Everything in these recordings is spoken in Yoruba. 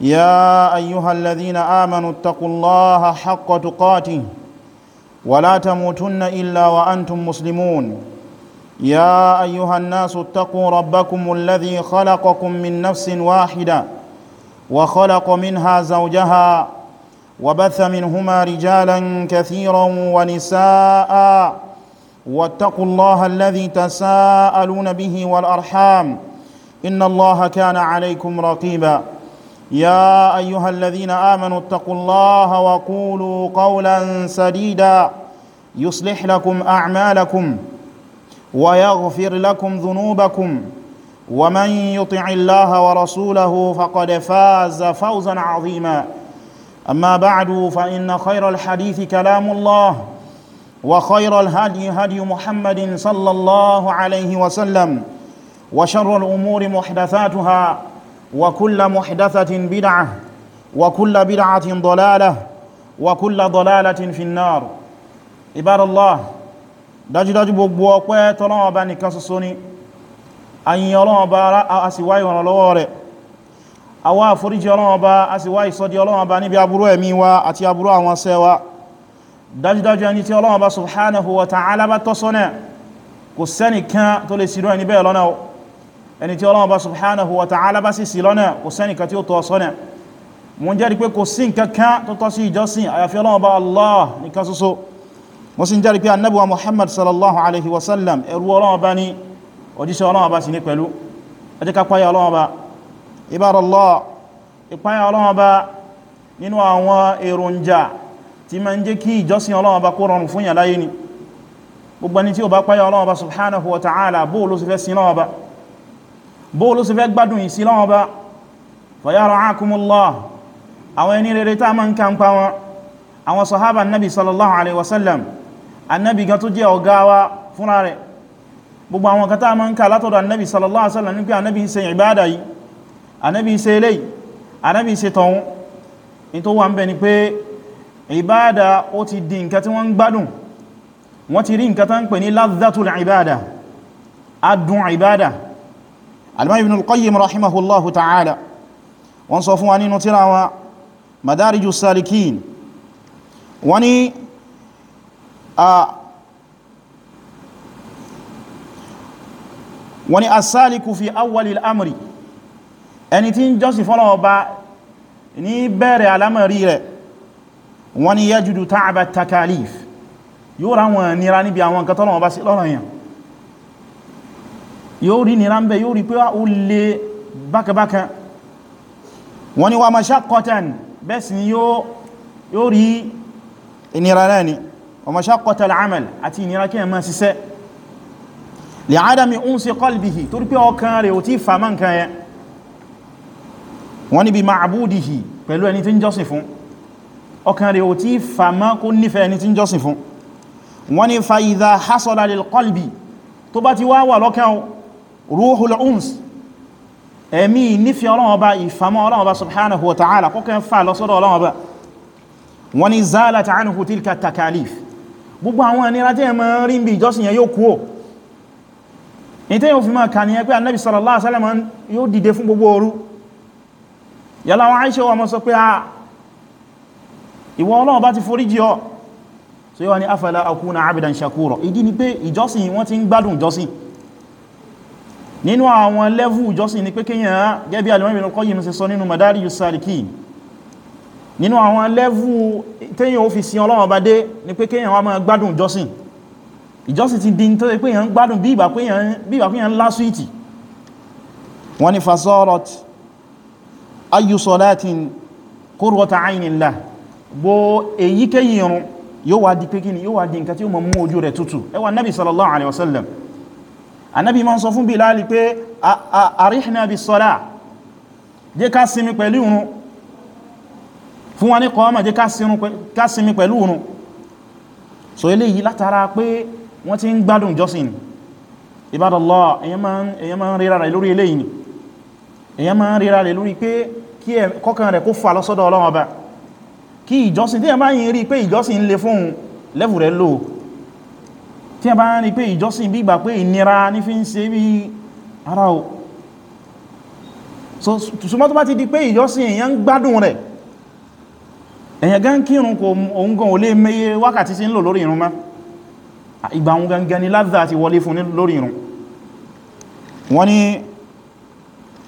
يا ايها الذين امنوا اتقوا الله حق تقاته ولا تموتن الا وانتم مسلمون يا ايها الناس اتقوا ربكم الذي خلقكم من نفس واحده وخلق منها زوجها وبث منهما رجالا كثيرا ونساء واتقوا الله الذي تساءلون به والارحام ان الله كان عليكم رقيبا يا ايها الذين امنوا اتقوا الله وقولوا قولا سديدا يصلح لكم اعمالكم ويغفر لكم ذنوبكم ومن يطع الله ورسوله فقد فاز فوزا عظيما اما بعد فان خير الحديث كلام الله وخير الهدي هدي محمد صلى الله عليه وسلم وشر الامور محدثاتها وكل محدثة بدعة وكل بدعة ضلالة وكل ضلالة في النار عباد الله dájúdájú gbogbo ọpẹ́ tọ́lọ́wọ́ bá nìkan ṣoṣo ni ayin ọlọ́wọ́ bá aṣíwá ìrànlọ́wọ́ rẹ̀ àwa àforíjì ọlọ́wọ́ bá aṣíwá ìsọ́dí ọlọ́wọ́ bá níbi aburú ẹ̀mí wa àti aburú àwọn sẹ́wa dájúdájú ẹni tí ọlọ́wọ́ bá subhanahu wa ta'ala bá tọ́ sọ́nà kò sẹ́nìkan tó lè ṣìrò ẹni bẹ́ẹ̀ lọ́nà ẹni tí Ọlọ́run bá subhanahu wa ta'ala bá sì sí lọ́nà kò sẹ́nìkan tí ó tọ́ sọ́nà mo ń jẹ́rìí pé kò sí nǹkankan tó tọ́ sí ìjọsìn àyàfi Ọlọ́run bá Allah nìkan ṣoṣo mo sì ń jẹ́rìí pé Ànábì wa Muhammad sallallahu alaihi wasallam ẹrú Ọlọ́run bá ní òjíṣẹ́ Ọlọ́run bá sì ní pẹ̀lú ẹ jẹ́ ká páyà Ọlọ́run bá ibadallah ìpáyà Ọlọ́run bá nínú àwọn bó ló sì fẹ́ gbádùn yìí sí lọ́wọ́ bá fayara'akumullah àwọn ẹni rere tá ma ń ká ń pa wọn àwọn sahaba annabi sallallahu alaihi wasallam annabi gan tó jẹ́ ọ̀gá wa fúnra rẹ̀ gbogbo àwọn kan tá ma ń ká látọ̀dọ̀ annabi sallallahu alaihi wasallam nípa annabi ṣe ìbádà yìí annabi ń bẹ ni alimami ibn al-qayyim rahimahullahu ta'ala wọ́n sọ fún wa nínú tírà wa madariju salikin wọ́n ní a wọ́n ní asaliku fi awwalil amri ẹni tí ń jọ́sìn fọ́lọ̀ ọba ní bẹ̀rẹ̀ alamari rẹ̀ wọ́n ní yajudu ta'aba takalif yóò ra wọn nira níbi àwọn nǹkan tọ́lọ̀ sí lọ́rọ̀ yàn yóò rí nira ń bẹ yóò rí pé ah, ó lè bákabákan wọ́n ni wà mashaqqatan bẹ́ẹ̀ sì ni yóò rí ìnira náà ni wà mashaqqatal amal àti ìnira kí ẹ̀mọ́ ṣiṣẹ́ li'adami unsi qalbihi torí pé ọkàn rẹ̀ ò tí fàmà nǹkan yẹn wọ́n ni bí ma'budihi pẹ̀lú ẹni tí ń jọ́sìn fún ọkàn rẹ̀ ò tí fàmà kó nífẹ̀ẹ́ ẹni tí ń jọ́sìn fún wọ́n ni fa idha hasala lil qalbi tó bá ti wá wà lọ́kàn ruhul uns ẹ̀mí nífẹ́ ọlọ́wọ́ bá ìfàmọ́ ọlọ́wọ́ bá subhanahu wa ta'ala kọ́kẹ́ fà lọ́sọ́dọ̀ ọlọ́wọ́ bá wọ́n ni zala ta'anuhu tilka takalif gbogbo àwọn ẹnira tí ẹ ma rí bí ìjọsìn yẹn yóò kúò ní tí yóò fi máa kà ní ẹ pé annabi sallallahu alaihi wasallam yóò dìde fún gbogbo òru yàlá wọn Aisha wa mọ́ sọ pé ah ìwọ Ọlọ́run nínú àwọn lẹ́vù ìjọsìn ni pé kíyàn gẹ́bí alimọ́bìnú Qayyim ṣe sọ nínú Madariju Salikin nínú àwọn lẹ́vù téyàn ó fi sin Ọlọ́run bá dé ni pé kíyàn wá máa gbádùn ìjọsìn ìjọsìn ti dín tó pé yàn gbádùn bí ìgbà pé yàn wọ́n ni fasarat anábi ma ń sọ fún Bilali pé àríhìnà bí sọ́lá jẹ́ ká sinmi pẹ̀lú ìrun fún wa ní kọ́ọ̀mà jẹ́ ká sinmi pẹ̀lú ìrun so eléyìí látara pé wọ́n ti ń gbádùn jọ́sìn Ibadallah èyàn ma ń ríra rẹ̀ lórí eléyìí èyàn ma ń ríra rẹ̀ lórí pé kí ẹ kọ́kàn rẹ̀ kó fà lọ́sọ́dọ̀ Ọlọ́run Ọba kí ìjọsìn tí ẹ bá yìí rí pé ìjọsìn le fóun lẹ́fù rẹ̀ lóò tí a bá ní pé ìjọsìn bí ìgbà pé ìnira ní fi ń ṣe bí ara o so ṣùgbọ́n tó bá ti di pé ìjọsìn èyàn ń gbádùn rẹ̀ èyàn gan kírun kò òun gan ò lè mẹ́yẹ wákàtí sí ń lò lórí irun má ìgbà òun gangan ni ládà ti wọlé fún lórí irun wọ́n ni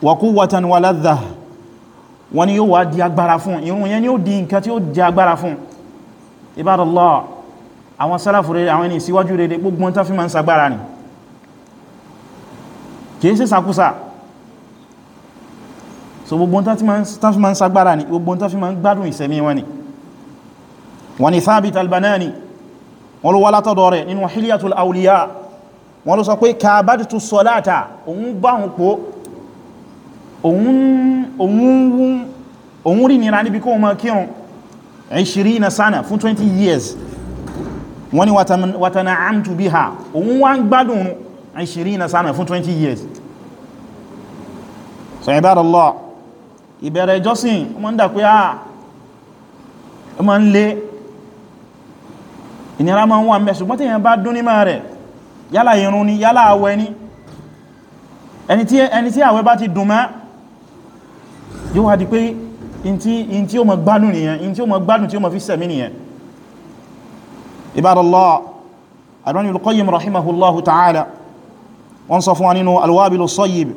wàkúwàtàn wà ládà wọ́n ni yóò wá di agbára fún irun yẹn ni di nǹkan tí ó di agbára fún ibadallah àwọn sálàfù rere àwọn ẹni síwájú rere gbogbo tán fi ma ń sagbára ni kìí sí sàkúsà so gbogbo tán fi ma ń sagbára ni gbogbo tán fi ma ń gbádùn ìsẹ̀mí wọn ni wọ́n ni Thabit al-Banani wọ́n ló wá látọ̀dọ̀ rẹ̀ nínú Hilyatul Awliya wọ́n ló sọ pé kàbádìtù sana fún 20 years wọ́n ni wàtànà àmtù bí ha òun wá ń gbádùn àìṣìrí na sánà fún 20 years so ibadallah ìbẹ̀rẹ̀ ìjọsìn ọmọ ń dàpé à ah, ọmọ ń lé ìnira ma ń wà mẹ́ ṣùgbọ́n tí èyàn bá dún ní máa rẹ̀ yálà ìrun ni yálà àwẹ̀ ni ẹni tí àwẹ̀ bá ti dùn mẹ́ yóò wá di pé in tí ó mọ̀ gbádùn nìyẹn in tí ó mọ̀ gbádùn tí ó mọ̀ fi sẹ̀mí nìyẹn عباد الله الوان القيم رحمه الله تعالى وانصفوا عنه الوابل الصيب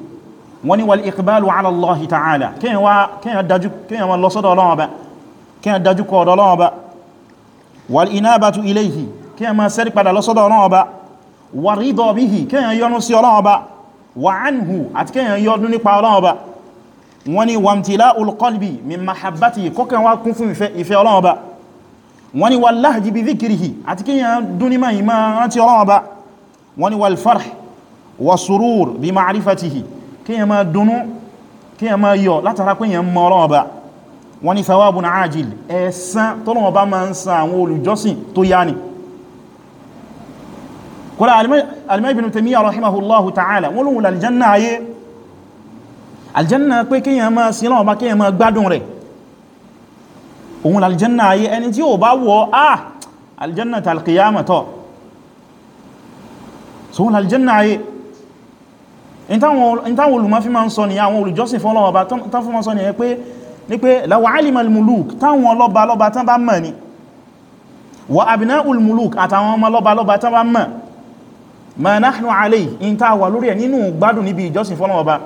wọ́n ni wà ìkìbálù ala Allah ta'ala kíyàn wà lọ́sọ́dọ̀ ọlọ́ọ̀bá kíyàn dájú kọ ọ̀dọ̀ ọlọ́ọ̀bá wà ìnábàtú ilayhi kíyàn ma sẹ́rí padà lọ́sọ́dọ̀ ọlọ́ọ̀bá wà rídọ̀ bíhì kíyàn yọ́nú sí ọlọ́ọ̀bá wà anhu àti kíyàn yọ́nú nípa ọlọ́ọ̀bá wọ́n ni wà mtìlá ulqalbi min mahabbati kọ́kàn wá kún fún ìfẹ́ ọlọ́ọ̀bá wọ́n ni wal lahji bi dhikrihi àti kíyàn dúnímọ̀ yìí máa rántí Ọlọ́run bá wọ́n ni wal farh wa surur bi ma'rifatihi kíyàn máa dúnú kíyàn máa yọ látara kíyàn mọ̀ Ọlọ́run bá wọ́n ni thawabun ajil ẹ̀san tọ́lọ́run bá máa ń san àwọn olùjọ́sìn tó òun aljanna ayé ẹni tí ó bá wọ ah aljanna ta alkiyama tọ́ so òun aljanna ayé in táwọn olùmọ́ fi ma ń sọ ni àwọn olùjọ́sìn fún ọlọ́wọ́ tán fún ma sọ ni ẹ pé ní pé lawa alimal muluk táwọn ọlọ́ba lọ́ba tán bá mọ̀ ni wa abna'ul muluk àtàwọn ọmọ lọ́ba lọ́ba tán bá mọ̀ ma nahnu alayhi in táwà lórí ẹ̀ nínú gbádùn níbi ìjọ́sìn fún ọlọ́wọ́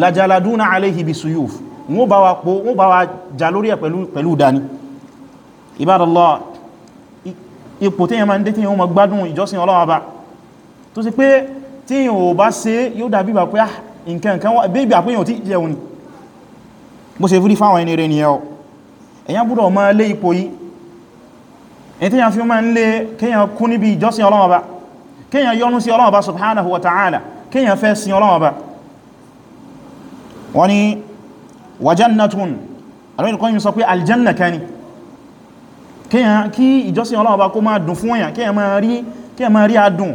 lajaladuna alayhi bi suyuf wọ́n bá wa po wọ́n bá wa jà lórí ẹ̀ pẹ̀lú pẹ̀lú dání Ibadallah ipò tí yẹn máa ń dé tí yẹn ó máa gbádùn ìjọsìn Ọlọ́run Ọba tó sì pé tí yẹn ò bá ṣe yóò dàbí bà pé ah nǹkan nǹkan wà bí ìgbà pé yẹn ò tí jẹun ni bó ṣe fúrí fáwọn ẹni rẹ̀ wa jannatun àwọn ìkọ́ yìí sọ pé aljanna kan ni kí ìjọsìn ọlọ́wọ́ bá kó máa dùn fún èyàn kí ẹ máa rí adùn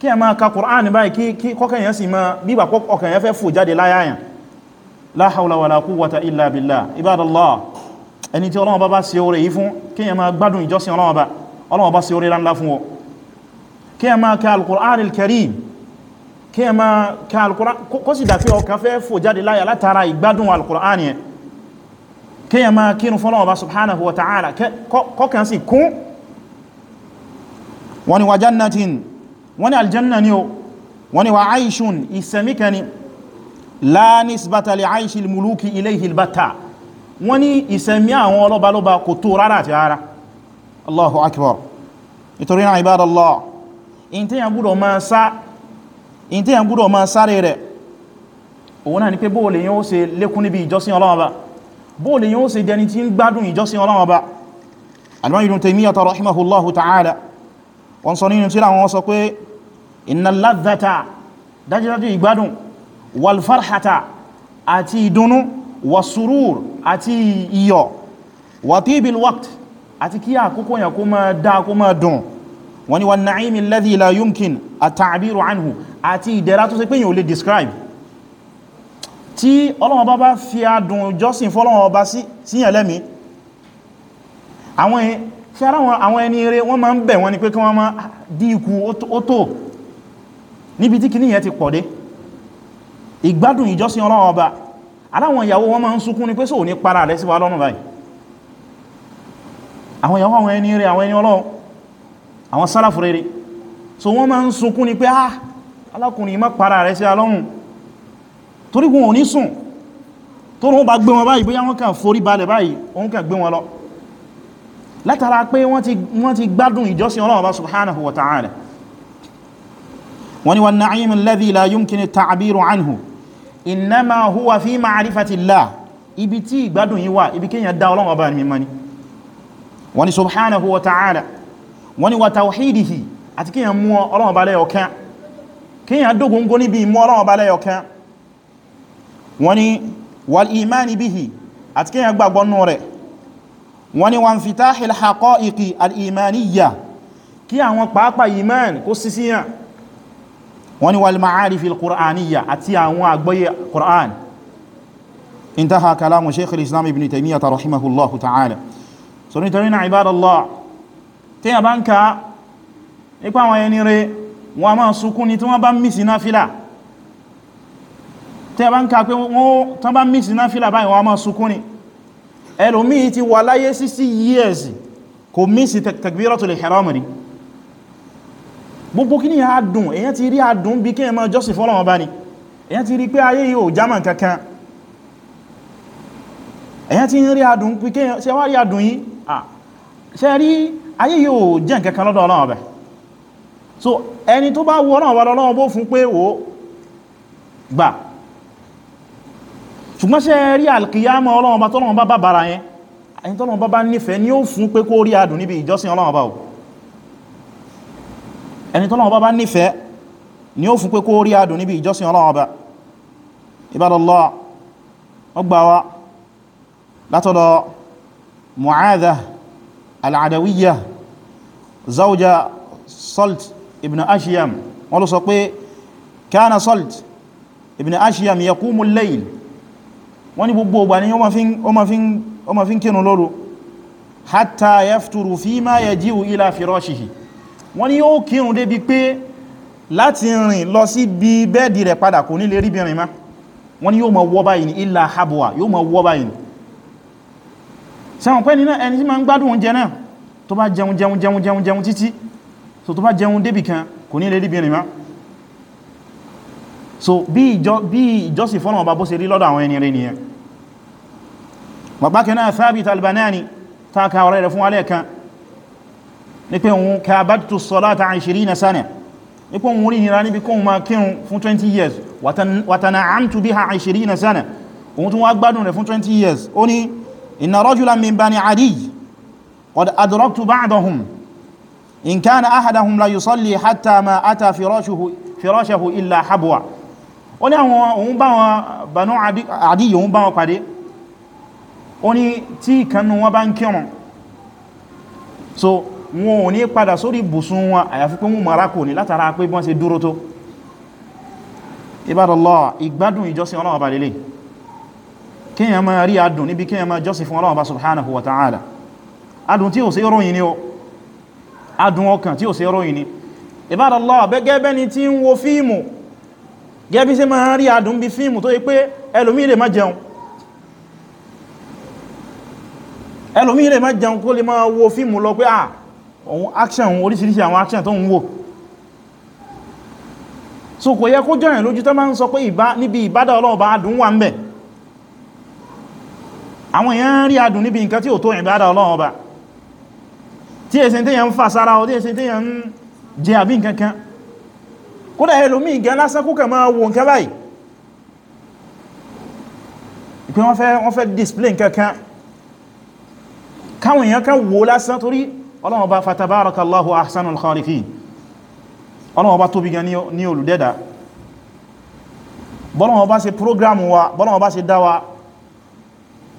kí ẹ máa ka Kùránì báyìí kí kọ́kànyàn sì máa bíbà kọ́kànyàn fẹ́ fò jáde láyáyàn la hawla wala quwwata illa billah ibadallah ẹni tí Ọlọ́run bá bá ṣe oore yìí fún kí ẹ máa gbádùn ìjọsìn Ọlọ́run bá kí ẹ máa kí alkùnrán kó sì dàfí ọkàn fẹ́ fò jáde láyà látara ìgbádùn alkùnrán yẹn kí ẹ máa kírun fún Ọlọ́run Ọba subhanahu wa ta'ala kọ́kàn sí kún wọ́n ni wà jannatin wọ́n ni aljanna ni o wọ́n ni wà aishun ìsẹ̀míkẹ ni la nisbata li aishi muluki ilayhi albata wọ́n ni ìsẹ̀mí àwọn ọlọ́balọ́ba kò tó rárá àti rárá Allahu akbar nítorí náà ibadallah in tí yàn gúrò ma sáré rẹ̀ òun náà ni pé bóòlè yíó ṣe lékún níbi ìjọsìn Ọlọ́run Ọba bóòlè yíó ṣe dẹni tí ń gbádùn ìjọsìn Ọlọ́run Ọba Al-Imam Ibn Taymiyyah rahimahullahu ta'ala wọ́n sọ nínú tírà wọn sọ pé inna al-ladhata dájúdájú ìgbádùn wal-farhata àti ìdùnnú was-surur àti wa tibil waqt àti kí àkókò yàn kó máa dá kó máa dùn wọ́n ni wọ́n na'imi alladhi la yumkin at-ta'biru anhu àti ìdẹ̀ra tó ṣe pé yíò lè describe tí Ọlọ́run bá bá fi adùn jọ́sìn fọ́lọ́run ọba síyàn lẹ́mí àwọn ẹni ìyàwó wọn máa ń sunkún ní pé sóò ní para rẹ̀ síwá lọ́nà báyìí àwọn ìyàwó àwọn ẹni rẹ̀ àwọn ẹni Ọlọ́run àwọn sálàfù rere so wọ́n máa ń sunkún ni pé ah alákùnrin má para rẹ̀ sí alọ́run torí wọn ò ní sùn tó rún bá gbé wọn báyìí bóyá wọ́n kàn forí balẹ̀ báyìí òun kàn gbé wọn lọ látara pé wọ́n ti gbádùn ìjọsìn Ọlọ́run bá subhanahu wa ta'ala wọ́n ni wan na'im alladhi la yumkin at-ta'biru anhu innama huwa fi ibi tí ìgbádùn yìí ibi kíyàn dá Ọlọ́run bá ní mímọ́ ni wọ́n ni subhanahu wa ta'ala wọ́n ni wa tawhidihi àti kíyàn mú Ọlọ́run bá lẹ́yọ̀kan kíyàn dógóngó níbi mú Ọlọ́run bá lẹ́yọ̀kan wọ́n ni wal imani bihi àti kíyàn gbàgbọ́ nú rẹ̀ wọ́n ni wọn fitahil haqa'iqi al-imaniyya kí àwọn pàápàá iman kó sísíyàn wọ́n ni wal ma'arifil qur'aniyya àti àwọn àgbọ́yé qur'an intaha tí a bá ń ka nípa àwọn ẹni rẹ̀ wọn a máa sunkún ni tí wọ́n bá mísì náfílà tí a bá ń ka pé wọ́n tán bá mísì náfílà báyìí wọn a máa sunkún ni ẹlòmíì ti wà láyé 60 years kò mísì takbiratul ihram rí gbogbo kí ní àdùn èyàn ti rí àdùn bí ayé yóò jẹ́ nǹkan kan lọ́dọ̀ Ọlọ́run ọba so ẹni tó bá wọ Ọlọ́run ọba Ọlọ́run bó fún pé wò gbà ṣùgbọ́n ṣe rí alkiyama Ọlọ́run ọba tọ́lọ́run bá bá bára yẹn ẹni tọ́lọ́run bá bá nífẹ̀ẹ́ ni ó fún pé kó rí adùn níbi ìjọsìn Ọlọ́run ọba ẹni tọ́lọ́run bá bá nífẹ̀ẹ́ ni ó fún pé kó rí adùn níbi ìjọsìn Ọlọ́run ọba ibadallah ọgbà wa látọ̀dọ̀ mu'adha al-adawiyya zawja salt ibn ashiyam wọ́n ló sọ pé kana salt ibn ashiyam yaqumu al-layl wọ́n ní gbogbo ọgbà ní ó ma fi ń kínú lóru hatta yafturu fima yaji'u ila firashihi wọ́n ní yóò kírun débi pé láti rìn lọ sí bí bẹ́ẹ̀dì rẹ̀ padà kò ní lè rí bí rìn wọ́n ní yóò ma wọ́ báyìí illa habwa yóò ma wọ́ báyìí sẹ́wọ̀n pẹ́ nínú ẹni tí ma ń gbádùn oúnjẹ náà tó bá jẹun jẹun jẹun jẹun jẹun títí so tó bá jẹun débì kan kò ní lè rí bìnrin má so bí ìjọsìn fọ́nà ọba bó ṣe rí lọ́dọ̀ àwọn ẹni rẹ̀ nìyẹn bàbá kẹ́nà Thabit al-Banani tààkà ọ̀rẹ́ rẹ̀ fún alẹ́ kan ní pé òun kàbátù salata 20 sana ní years watana'amtu biha 20 sana òun tún wá gbádùn rẹ̀ years إن رجلا من بني عدي قد أدركت بعضهم إن كان أحدهم لا يصلي حتى ما أتى فراشه, فراشه إلا حبوة ó ní àwọn òun bá wọn Banu Adi òun bá wọn pàdé ó ní tí ìkannú wọn bá ń kírun so wọn ò ní padà sórí ibùsùn wọn àyàfi pé mú marako ní látara pé wọ́n ṣe dúró tó Ibadallah ìgbádùn ìjọsìn Ọlọ́run bá lélẹ̀ kíyàn máa rí adùn níbi kíyàn máa jọ́sìn fún Ọlọ́run subhanahu wa ta'ala adùn tí ó ṣe ròyìn ni o adùn ọkàn tí ó ṣe ròyìn ni ibadallah bẹ́gẹ́ bẹ́ni tí ń wo fíìmù gẹ́bí sí máa rí adùn bí fíìmù tó yí pé ẹlòmí lè má jẹun níbi ìbádà Ọlọ́run adùn wà ń bẹ̀ àwọn èèyàn rí adùn níbi nǹkan tí ò tó ìbádà ọlọ́run ọba tí èsìn tí yẹn ń fà sára ọ tí èsìn tí yẹn ń jẹ àbí nǹkan kan kódà ẹlòmíì gan lásán kó kàn máa wo nǹkan báyìí pé wọ́n fẹ́ wọ́n fẹ́ display nǹkan kan káwọn èèyàn kan wo lásán torí ọlọ́run ọba fatabarakallahu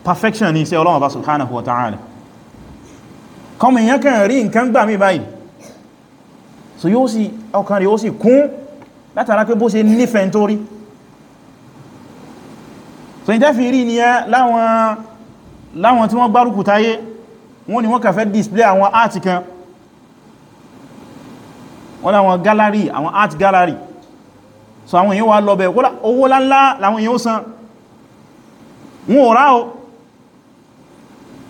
perfection ni iṣẹ́ Ọlọ́run Ọba subhanahu wa ta'ala kọmọ èyàn kan rí nǹkan gbà mí báyìí so yóò sì ọkàn rẹ̀ yóò sì kún látara pé bó ṣe nífẹ̀ẹ́ tó rí so ìjẹ́ fi rí ní ẹ láwọn tí wọ́n gbárùkù táyé wọ́n ni wọ́n kàfẹ́ display àwọn art kan wọ́n láwọn gallery àwọn art gallery so àwọn èyàn wà lọ bẹ̀ la, la, láwọn èyàn ó san wọ́n ò rá o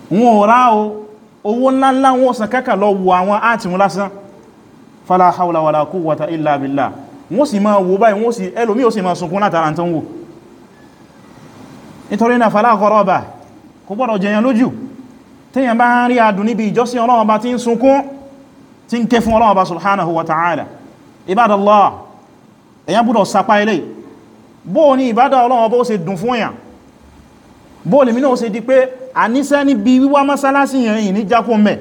wọn ò rá o owó ńláńlá wọn sàn kẹ́kà lọ wo àwọn áàtì wọn lásán fala hawla wala quwwata illa billah wọ́n sì máa wo báyìí wọ́n sì ẹlòmí ò sì máa sunkún látara tó ń wò nítorí náà fala gharaba kò gbọ́dọ̀ jẹyàn lójú tíyàn bá ń rí adùn níbi ìjọsìn Ọlọ́run Ọba tí ń sunkún tí ń ké fún Ọlọ́run Ọba subhanahu wa ta'ala ibadallah èyàn náà ó di pé àníṣẹ́ níbi wíwá mọ́sálásí yẹn yìí ní jákún mẹ́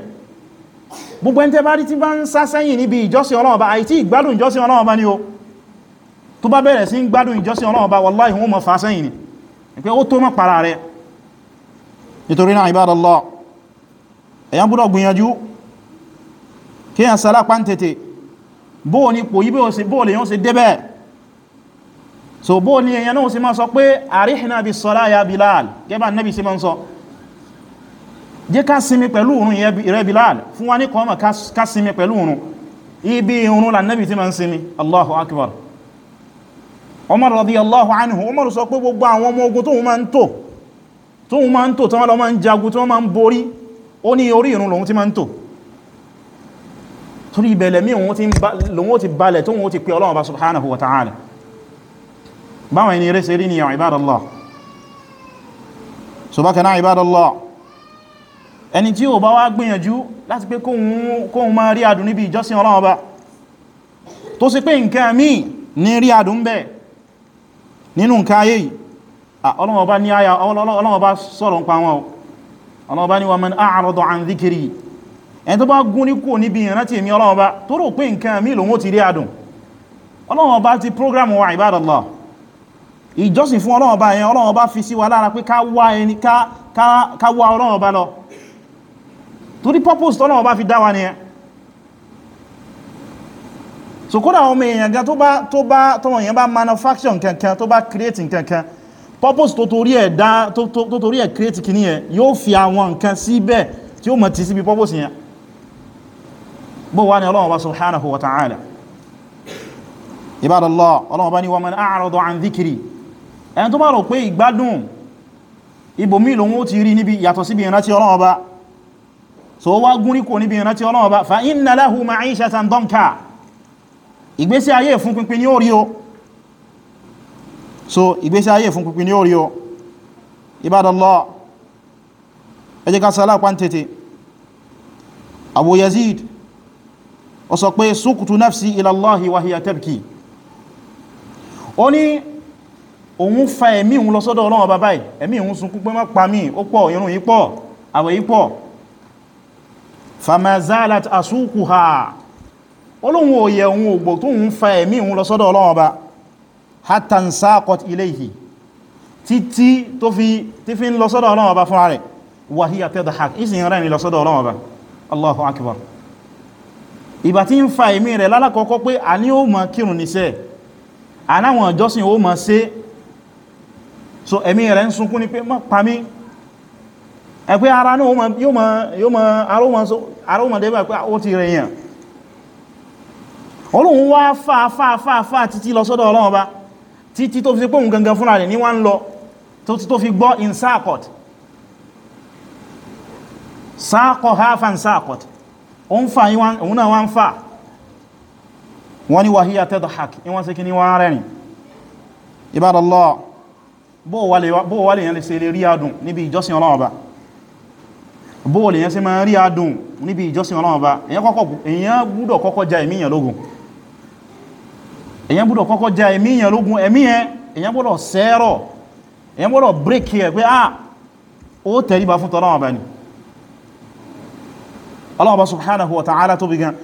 gbogbo ẹni tẹ́ bá rí tí bá ń sásẹ́yìn níbi ìjọsìn Ọlọ́run bá àìtí ìgbádùn ìjọsìn Ọlọ́run bá ní o tó bá bẹ̀rẹ̀ sí ń gbádùn ìjọsìn Ọlọ́run bá wallahi wọ́n mọ̀ fásẹ́yìn ni pé ó tó mọ́ para rẹ̀ nítorí náà ibadallah èyàn búrọ̀ gbìyànjú jẹ́ ká sinmi pẹ̀lú òrùn ìrẹ́ Bilal fún wa ní kọ́mọ̀ ká sinmi pẹ̀lú òrùn ibi ìrùn lànàbì tí ma ń sinmi Allahu Akbar Umar radiyallahu anhu Umar sọ pé gbogbo àwọn ọmọ ogun tóhun ma ń tò tóhun ma ń tò tán lọ ma ń jagun tó ma ń borí ó ní orí ìrùn lòun ti ma ń tò torí ìbẹ̀lẹ̀ mí ibadallah ẹni tí ó bá wá gbìyànjú láti pé kóhun máa rí adùn níbi ìjọsìn Ọlọ́run Ọba tó sì pé nǹkan míì ní rí adùn bẹ́ẹ̀ nínú nǹkan ayé yìí Ọlọ́run Ọba ní àyà Ọlọ́run Ọba sọ̀rọ̀ nípa wọn Ọlọ́run Ọba ní wa man a'rada 'an dhikri ẹni tó bá gún ní kò níbi ìrántí èmi Ọlọ́run Ọba tó rò pé nǹkan míì lòun ó ti rí adùn Ọlọ́run Ọba ti program wa ibadallah ìjọsìn fún Ọlọ́run Ọba yẹn Ọlọ́run Ọba fi sí wa lára pé ká wá Ọlọ́run Ọba lọ torí purpose tọ́lọ́wọ́ bá fi dá wa nìyẹn so kódà ọmọ èèyàn gan tó bá tó bá tọmọ èèyàn bá manufacture kankan tó bá create kankan purpose tó torí ẹ̀ dá tó torí ẹ̀ create kìíní ẹ̀ yóò fi àwọn nǹkan síbẹ̀ tí ó mọ̀ tí síbi purpose yẹn bó wá ní ọlọ́wọ́ bá subhanahu wa ta'ala ibadallah ọlọ́wọ́ bá ní wa man a'rada an dhikri ẹni tó bá rò pé ìgbádùn ibòmí lòun ó ti rí níbi yàtọ̀ síbi ìrántí ọlọ́wọ́ bá so wá gúnrí kò níbi ìrántí Ọlọ́run bá fa inna lahu ma'ishatan danka ìgbésí ayé fún pínpín ní orí o so ìgbésí ayé fún pínpín ní orí o ibadallah ẹ jẹ́ ká sálà pàntètè Abu Yazid ó sọ pé sukutu nafsi ila Allahi wa hiya tabki ó ní òun fa ẹ̀mí òun lọ sọ́dọ̀ Ọlọ́run bá báyìí ẹ̀mí òun sunkún pé má pa mí ó pọ̀ famazalat asukuha olóhun òye ohun ògbò tó ń fa ẹ̀mí òun lọ sọ́dọ̀ Ọlọ́run Ọba hatan sakot ilayhi títí tó fi tí fi ń lọ sọ́dọ̀ Ọlọ́run Ọba fún ààrẹ wàhíyà tadhak ìsìn rẹ̀ ni lọ sọ́dọ̀ Ọlọ́run Ọba Allahu akbar ìbà tí ń fa ẹ̀mí rẹ̀ lálàkọ́kọ́ pé a ní ó mọ̀ kírùn níṣẹ́ anáwọn ìjọsìn ó mọ̀ ṣe so ẹ̀mí rẹ̀ ń sunkún ní pé pa mí ẹ̀pẹ́ ara náà yóò mọ̀ arómọdébà pé ó ti rẹ̀ yàn Ọlọ́run wá fàáfàáfàá títí lọ sọ́dọ̀ Ọlọ́run Ọba títí tó fi sí pòhùn gangan fúnra rẹ̀ ní wá ń lọ tó fi gbọ́ in sáàkọ̀t sáàkọ̀ half and sáàkọ̀t o ń fa òun náà wá ń fa wọ́n ni wàhíyà tẹ́dọ̀ hak in wọ́n sí kí ní wọ́n rẹ̀rìn ibadallah bóò wà lè yẹn lè ṣe lè rí adùn níbi ìjọsìn Ọlọ́run bóò lèyàn ṣe máa rí adùn níbi ìjọsìn ọlọ́run ọba èyàn gbúdọ̀ kọ́kọ́ ja ẹ̀míyàn lógun èyàn gbúdọ̀ kọ́kọ́ ja ẹ̀míyàn lógun ẹ̀míyàn èyàn gbúdọ̀ sẹ́rọ̀ èyàn gbúdọ̀ bírèkì ẹ̀ pé ah ó tẹríba fún tọ́lọ́run ọba ni ọlọ́run subhanahu wa ta'ala tó bí gan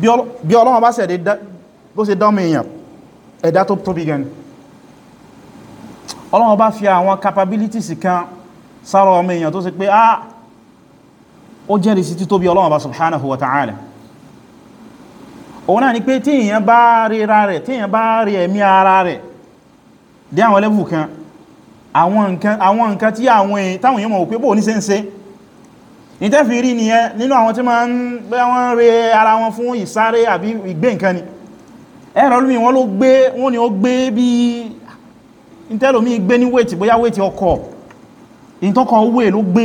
bí ọlọ́run ọba sẹ̀ bó ṣe dánmọ̀ èyàn ẹ̀dá tó bí gan ọlọ́run ọba kan sára ọmọ èèyàn tó sì pé á ah, ó jẹ́rìí sí títóbi Ọlọ́run bá subhanahu wa ta'ala òun náà ni pé tí èèyàn bá rí ra rẹ̀ tí èèyàn bá rí ẹ̀mí ara rẹ̀ dé àwọn lẹ́bù kan àwọn nǹkan tí àwọn táwọn èèyàn mọ̀ pé bóò ní ṣe ń ṣe ní tẹ́fì rí ni ẹ nínú àwọn tí ma ń bẹ́ wọ́n rí ara wọn fún ìsáré àbí ìgbé nǹkan ni ẹ̀rọ lómi wọ́n ló gbé wọ́n ni ó gbé bí i tẹ́lómi gbé ní wéètì bóyá wéètì ọkọ̀ ìtọ́kọ̀ owó èlò gbé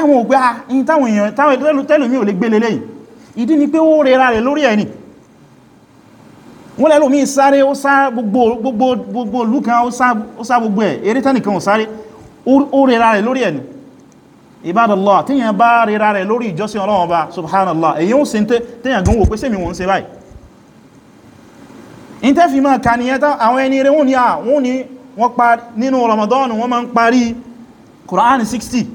ẹwọ̀n ògbé ààyìn táwọn èèyàn táwọn tẹ́lùmí ò lè gbé lélẹ̀ ìdí ni pé ó rẹra rẹ̀ lórí ẹni wọ́n lẹ́lò mí sáré ó sá gbogbo lúkan ó sá gbogbo ẹ̀ eré tẹ́nìkan ò sáré ó rẹra rẹ̀ lórí ẹni Ibadallah tíyàn bá rẹra rẹ̀ lórí ìjọsìn subhanallah èyí ó sì ń tẹ́yàn gan wò pé sẹ́mi wọ́n ń ṣe báyìí in tẹ́ fi ah, pa nínú Ramadan wọ́n máa ń parí Quran 60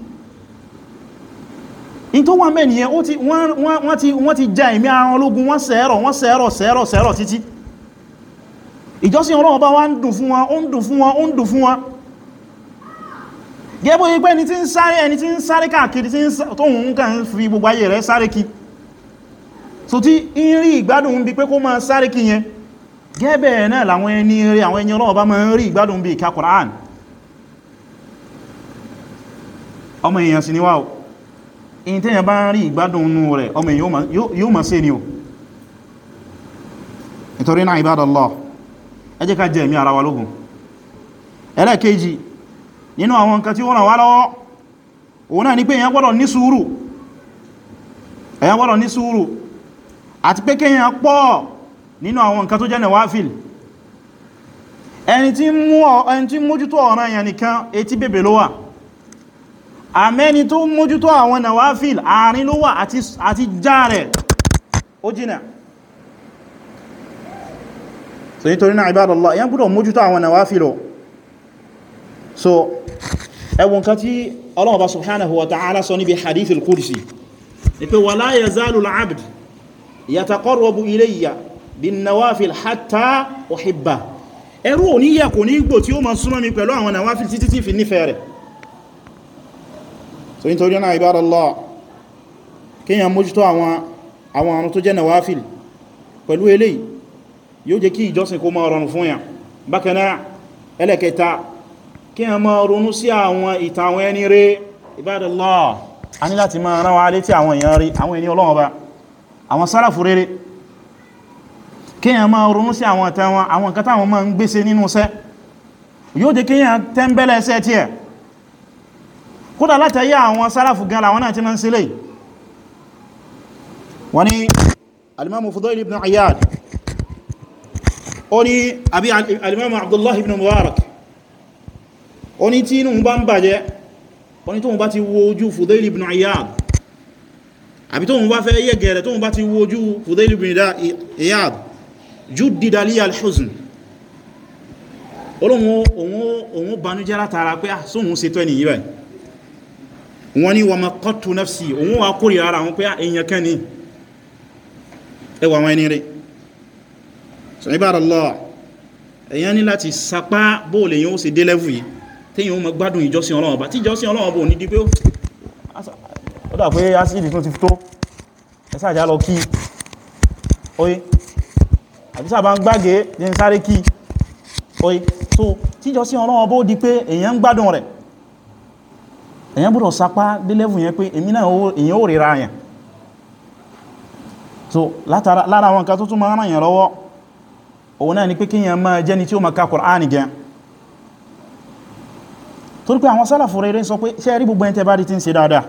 in tó wà mẹ́ nìyẹn wọ́n ti já ìmí ara ológun wọ́n sẹ́ẹ̀rọ̀ wọ́n sẹ́ẹ̀rọ̀ sẹ́ẹ̀rọ̀ sẹ́ẹ̀rọ̀ títí ìjọsìn Ọlọ́run bá wá ń dùn fún wọn ó ń dùn fún wọn ó ń dùn fún wọn gẹ́gbó yí pé ẹni tí ń sáré ẹni tí ń sáré káàkiri tí tóhun ń kàn fi gbogbo ayé rẹ̀ sáré kí so tí ń rí ìgbádùn bí pé kó máa sáré kí yẹn gẹ́bẹ̀ẹ́ náà làwọn ẹni rí àwọn ẹni Ọlọ́run máa ń rí ìgbádùn bí ìka Quran ọmọ èèyàn sí níwá o in tí èèyàn bá rí ìgbádùn inú rẹ̀ ọmọ èèyàn yóò mọ̀ sí ni o nítorí náà ibadallah ẹ jẹ́ ká jẹ ẹ̀mí ara wa lógún ẹlẹ́ẹ̀kejì nínú àwọn nǹkan tí ó ràn wá lọ́wọ́ òun náà ni pé èèyàn gbọ́dọ̀ ní sùúrù èèyàn gbọ́dọ̀ ní sùúrù àti pé kéèyàn pọ̀ nínú àwọn nǹkan tó jẹ́ nawafil ẹni tí mú mójútó ọ̀ranyàn nìkan etí bèbè ló wà àmẹ́ni tó mójútó àwọn nawafil àárín ló wà àti já rẹ̀ ó jìnà so nítorí náà ibadallah yán gbọ́dọ̀ mójútó àwọn nawafil so ẹwọ nǹkan tí Ọlọ́hun Ọba subhanahu wa ta'ala sọ níbi hadithil qudsi ni pé wala yazalu al-abd yataqarrabu ilayya bin nawafil hatta uhibba ẹrú òníyà kò ní gbò tí ó ma súnmọ́ mi pẹ̀lú àwọn nawafil títí fi nífẹ̀ẹ́ rẹ̀ so nítorí náà ibadallah kíyàn mójútó àwọn àwọn àrùn tó jẹ́ nawafil pẹ̀lú eléyìí yóò jẹ́ kí ìjọsìn kó máa rọrùn fún yàn bákan náà ẹlẹ́kẹta kíyàn máa ronú sí àwọn ìtàn àwọn ẹni rere ibadallah a ní láti máa rán wa létí àwọn èèyàn rí àwọn ẹni Ọlọ́run Ọba àwọn sáràfù rere kíyàn máa ronú sí àwọn ìtàn àwọn nǹkan táwọn máa ń gbése nínú iṣẹ́ yóò jẹ́ kíyàn tẹ́ńbẹ́lẹ̀ iṣẹ́ tiẹ̀ kódà látàyé àwọn sáràfù gan àwọn náà ti máa ń sílẹ̀ wọ́n ni alimamu Fudail ibn Iyad ó ní àbí alimamu Abdullah ibn Mubarak ó ní tí inú bá ń bàjẹ́ ó ní tóhun bá ti wo ojú Fudail ibn Iyad àbí tóhun bá fẹ́ yẹ gẹ̀rẹ̀ tóhun bá ti wo ojú Fudail ibn Iyad wọ́n ní wọ́n ma kọ́tù náfsì òun wà kórì ara wọn pé ah, èèyàn kan ní ẹwà wọn ẹni rẹ̀ so ibadallah èèyàn ní láti sapá bóòlè yíó sì dé lẹ́vù yìí téèyàn ma gbádùn ìjọsìn Ọlọ́run bá tí ìjọsìn Ọlọ́run bò ní di pé ó dà pé ásìdì tún ti tó ẹ̀sà èyàn gbọ́dọ̀ sapá dé level yẹn pé èmi náà èyàn ò ríra yẹn so lára àwọn nǹkan tó tún máa ràn yàn lọ́wọ́ òun náà ni pé kíyàn máa jẹ́ni tí ó máa ka Kùránì gan torí pé àwọn sálàfù rere sọ pé ṣe rí gbogbo ẹni tẹ́ bá rí tí ń ṣe dáadáa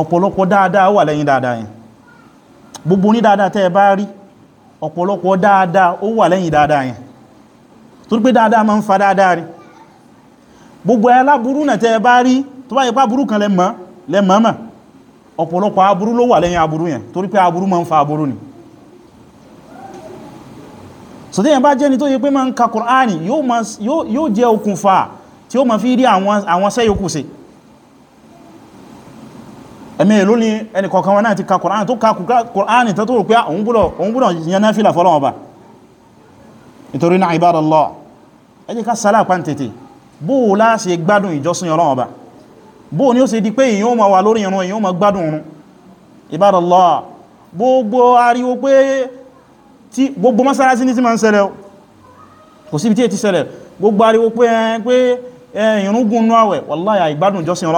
ọ̀pọ̀lọpọ̀ dáadáa wà lẹ́yìn dáadáa yẹn gbogbo ní dáadáa tẹ́ bá rí ọ̀pọ̀lọpọ̀ dáadáa ó wà lẹ́yìn dáadáa yẹn torí pé dáadáa máa ń fa dáadáa rí gbogbo ẹ láburú náà tẹ́ bá rí tó bá ipá burú kan lẹ́mọ́ lẹ́mọ́mọ́ ọ̀pọ̀lọpọ̀ aburú ló wà lẹ́yìn aburú yẹn torí pé aburú ma ń fa aburú ni so tí yẹn bá jẹ́ni tó yẹ pé ma ń ka Kùránì yóò jẹ́ okùnfà tí ó ma fi rí àwọn sẹ́yòkù sí ẹ̀mẹ́ èló ni ẹni kọ̀ọ̀kan wọn náà ti ka Kùránì tó ka Kùránì bó la ṣe gbádùn ìjọsìn Ọlọ́run Ọba bó ní ó ṣe di pé èyàn ma wà lórí ìrun èyàn ma gbádùn ìrun Ibadallah gbogbo ariwo pé tí gbogbo mọ́sálásí ní tí ma ń ṣẹlẹ̀ kò síbi tí è ti ṣẹlẹ̀ gbogbo ariwo pé ẹn pé ìrun gùn nú àwẹ̀ wallahi àìgbádùn ìjọsìn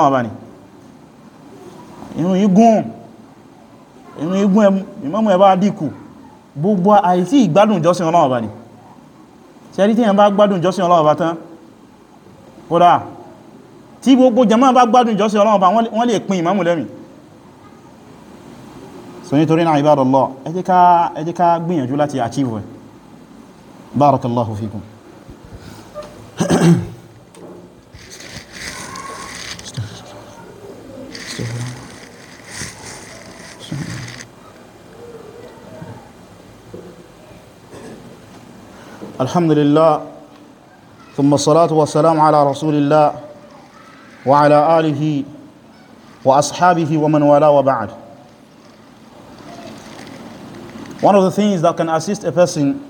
àìsí ìgbádùn ìjọsìn Ọlọ́run Ọba ni ṣẹ́rí tí èyàn bá gbádùn ìjọsìn Ọlọ́run tán kódà tí gbogbo jàmáà bá gbádùn ìjọsìn Ọlọ́run bá wọ́n lè pin ìmáàmù lẹ́mìí so nítorí náà ibadallah ẹ jẹ́ ká ẹ jẹ́ ká gbìyànjú láti achieve barakallahu fikum alhamdulillah ثم الصلاة والسلام على رسول الله وعلى آله وأصحابه ومن والاه وبعد One of the things that can assist a person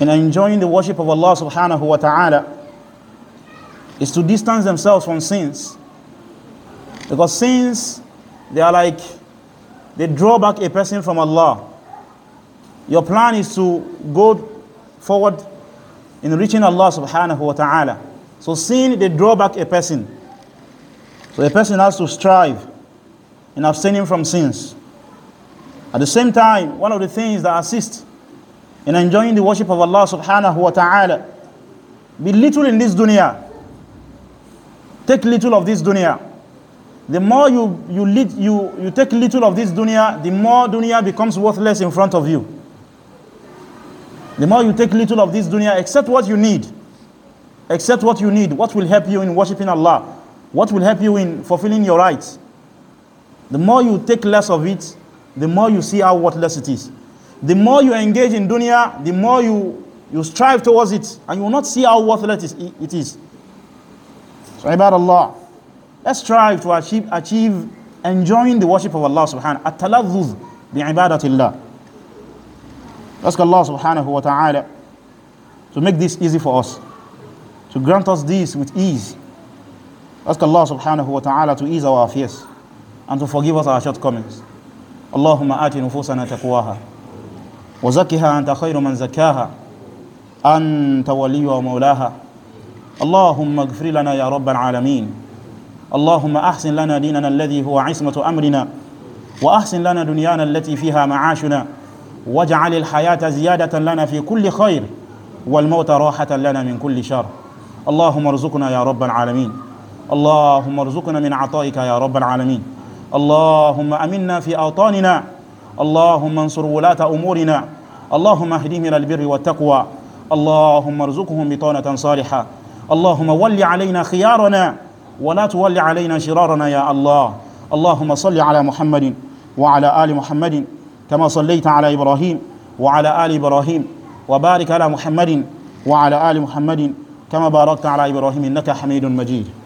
in enjoying the worship of Allah subhanahu wa ta'ala is to distance themselves from sins. Because sins, they are like, they draw back a person from Allah. Your plan is to go forward in reaching Allah subhanahu wa ta'ala. So sin, they draw back a person. So a person has to strive in abstaining from sins. At the same time, one of the things that assist in enjoying the worship of Allah subhanahu wa ta'ala, be little in this dunya. Take little of this dunya. The more you, you, lead, you, you take little of this dunya, the more dunya becomes worthless in front of you. The more you take little of this dunya, except what you need. Except what you need. What will help you in worshipping Allah? What will help you in fulfilling your rights? The more you take less of it, the more you see how worthless it is. The more you engage in dunya, the more you, you strive towards it, and you will not see how worthless it is. So, about Allah, let's strive to achieve, achieve enjoying the worship of Allah subhanahu wa ta'ala. Ask Allah subhanahu wa ta'ala to make this easy for us, to grant us this with ease. Ask Allah subhanahu wa ta'ala to ease our affairs and to forgive us our shortcomings. اللهم آت نفوسنا تقواها وزكها أنت خير من زكاها أنت ولي ومولاها اللهم اغفر لنا يا رب العالمين اللهم أحسن لنا ديننا الذي هو عصمة أمرنا وأحسن لنا دنيانا التي فيها معاشنا واجعل الحياة زيادة لنا في كل خير والموت راحة لنا من كل شر اللهم ارزقنا يا رب العالمين اللهم ارزقنا من عطائك يا رب العالمين اللهم أمنا في أوطاننا اللهم انصر ولاة أمورنا اللهم اهدهم إلى البر والتقوى اللهم ارزقهم بطانة صالحة اللهم ول علينا خيارنا ولا تول علينا شرارنا يا الله اللهم صل على محمد وعلى آل محمد كما صليت على إبراهيم وعلى آل إبراهيم وبارك على محمد وعلى آل محمد كما باركت على إبراهيم إنك حميد مجيد